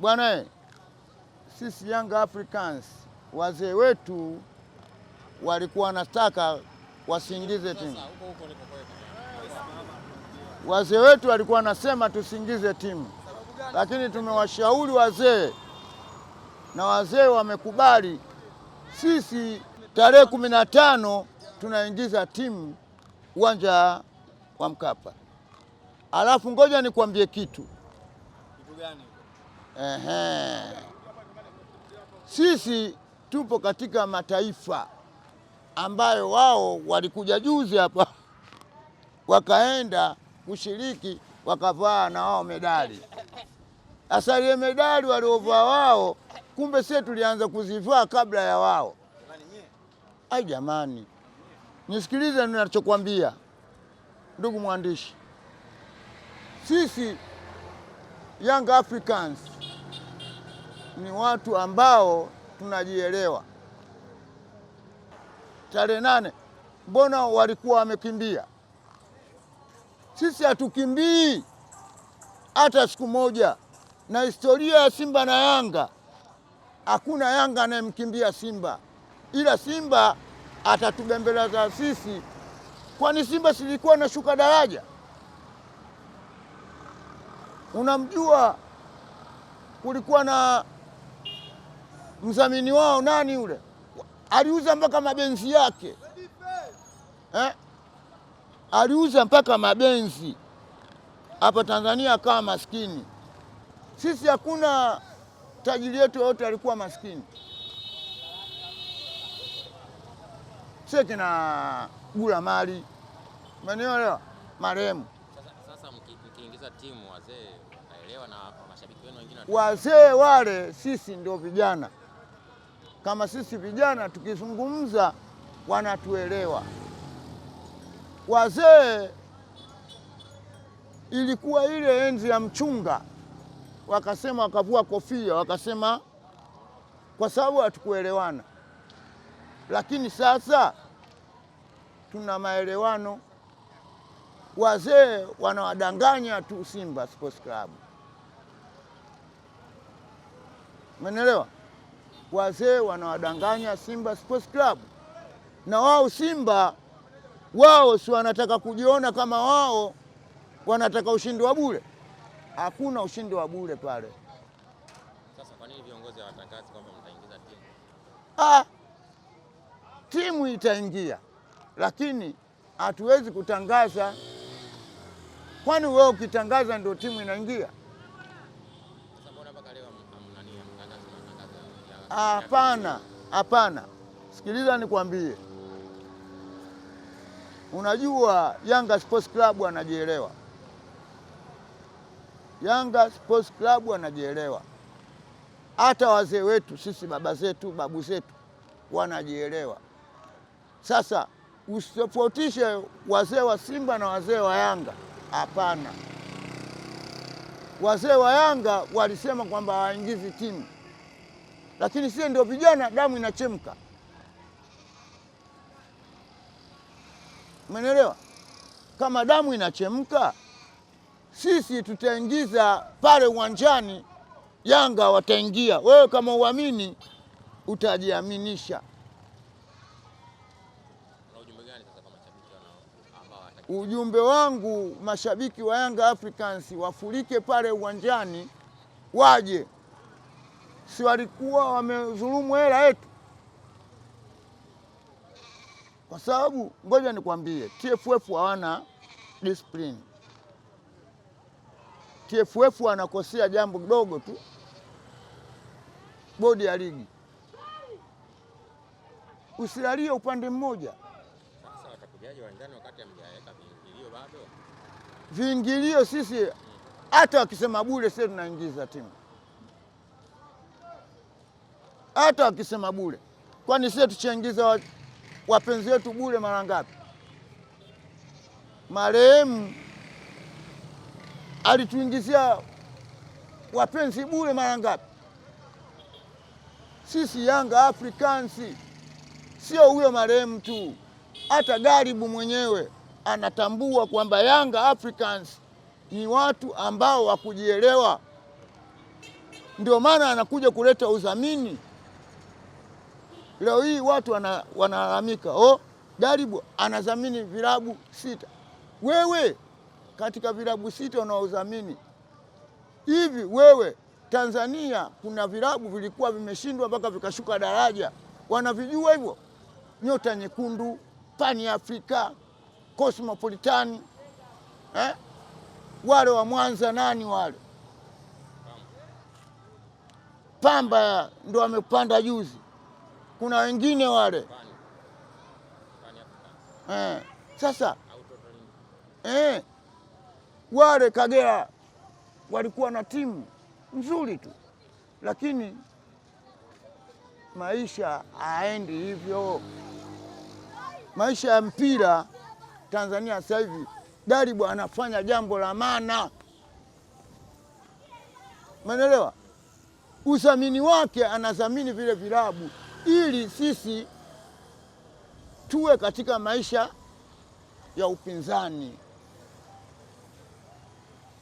Bwana, sisi Young Africans wazee wetu walikuwa wanataka wasiingize timu. Wazee wetu walikuwa wanasema tusiingize timu, lakini tumewashauri wazee na wazee wamekubali. Sisi tarehe kumi na tano tunaingiza timu uwanja wa Mkapa. Alafu ngoja nikwambie kitu. Kitu gani? Ehe. Sisi tupo katika mataifa ambayo wao walikuja juzi hapa wakaenda kushiriki wakavaa na wao medali. Asali ya medali waliovaa wao, kumbe sie tulianza kuzivaa kabla ya wao. Ai jamani, nisikilize ninachokwambia ndugu mwandishi, sisi Young Africans ni watu ambao tunajielewa. Tarehe nane, mbona walikuwa wamekimbia? Sisi hatukimbii hata siku moja, na historia ya Simba na Yanga hakuna Yanga anayemkimbia Simba, ila Simba atatubembeleza sisi. Kwani Simba silikuwa shuka daraja? Unamjua kulikuwa na mdhamini wao nani yule, aliuza mpaka mabenzi yake eh? aliuza mpaka mabenzi hapa Tanzania, akawa maskini. Sisi hakuna tajiri yetu yote alikuwa maskini. sie kina gula mali menielewa, marehemu wazee wale, sisi ndio vijana kama sisi vijana tukizungumza wanatuelewa. Wazee ilikuwa ile enzi ya mchunga, wakasema wakavua kofia, wakasema kwa sababu hatukuelewana, lakini sasa tuna maelewano. Wazee wanawadanganya tu Simba Sports Club, umeelewa? wazee wanawadanganya Simba Sports Club na wao Simba wao si wanataka kujiona kama wao wanataka ushindi wa bure. Hakuna ushindi wa bure pale. Sasa kwa nini viongozi hawatangazi kwamba mtaingiza timu? Ah, timu itaingia, lakini hatuwezi kutangaza. Kwani wewe ukitangaza ndio timu inaingia? Hapana, hapana, sikiliza nikwambie. Unajua Yanga Sports Club anajielewa, Yanga Sports Club anajielewa, hata wazee wetu sisi, baba zetu, babu zetu wanajielewa. Sasa usitofautishe wazee wa Simba na wazee wa Yanga, hapana. Wazee wa Yanga walisema kwamba waingizi timu lakini sie ndio vijana, damu inachemka. Umenielewa? Kama damu inachemka, sisi tutaingiza pale uwanjani, Yanga wataingia. Wewe kama uamini, utajiaminisha. Ujumbe wangu mashabiki wa Yanga Africans wafurike pale uwanjani, waje si walikuwa wamezulumu hela yetu? Kwa sababu ngoja nikwambie, TFF hawana discipline. TFF wanakosea jambo kidogo tu, bodi ya ligi. Usilalie upande mmoja. viingilio Viingilio sisi hata wakisema bure, sisi tunaingiza timu hata wakisema bure. Kwani sisi tuchaingiza wapenzi wetu bure mara ngapi? Marehemu alituingizia wapenzi bure mara ngapi? Sisi Yanga Africans sio huyo marehemu tu, hata Garibu mwenyewe anatambua kwamba Yanga Africans ni watu ambao wakujielewa, ndio maana anakuja kuleta udhamini Leo hii watu wanalalamika wana oh, Garibu anadhamini vilabu sita. Wewe katika vilabu sita unaodhamini hivi wewe, Tanzania kuna vilabu vilikuwa vimeshindwa mpaka vikashuka daraja, wanavijua hivyo? Nyota Nyekundu, Pani Afrika, Cosmopolitan eh? wale wa Mwanza nani wale Pamba ndo amepanda juzi kuna wengine wale eh. Sasa eh, wale Kagera walikuwa na timu nzuri tu, lakini maisha haendi hivyo. Maisha ya mpira Tanzania sasa hivi, Dalibu anafanya jambo la maana, umeelewa? Udhamini wake anadhamini vile vilabu ili sisi tuwe katika maisha ya upinzani.